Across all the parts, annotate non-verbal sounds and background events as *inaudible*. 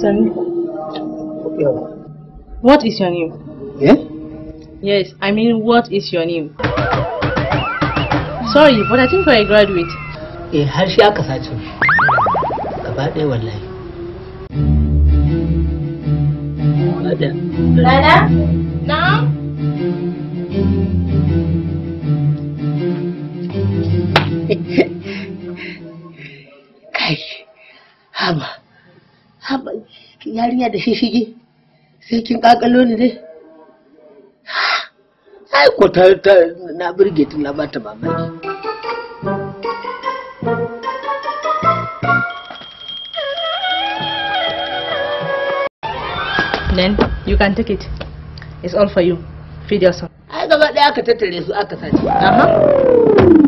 Sunny. What is your name? Yeah? Yes, I mean, what is your name? Sorry, but I think you're a graduate. Eh, har shi aka sace mu. Gaba ɗaya wallahi. Lada. Now? *laughs* Kai. haɓa yarinya da shishige sai kin kakalo ni dai ai ko ta na birge ta na bata mamaki then you can take it it's all for you feed yourself ai gaba daya aka tattare su aka sace aha uh-huh.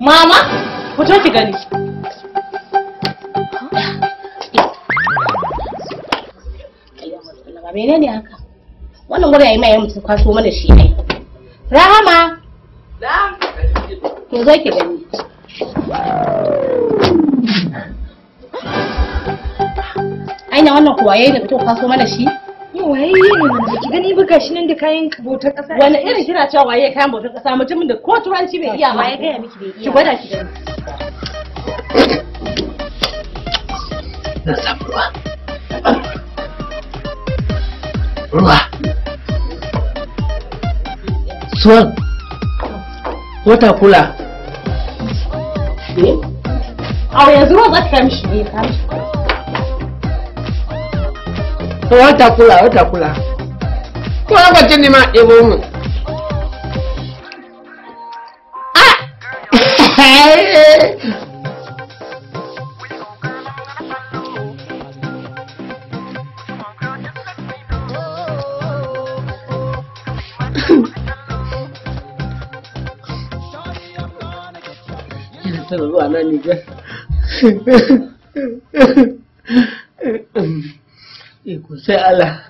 Mama, fito ki gani. Menene haka? Wannan mai kwaso mana shi ai. Rahama, to zo ki gani aina wannan kuwa yayi da mutum kaso mana shi waye ne ki gani ba gashi nan da kayan bautar kasa wani irin kina cewa waye kayan bautar kasa mutumin da ko turanci bai iya ba waye ga miki bai iya ki gwada ki gani na samu ruwa ruwa suwan watakula eh? a yanzu ruwan za ta kai wata kula wata kula ko lokacin ne ma ɗebo mu Thank tana zuwa na Nijar. sai Allah.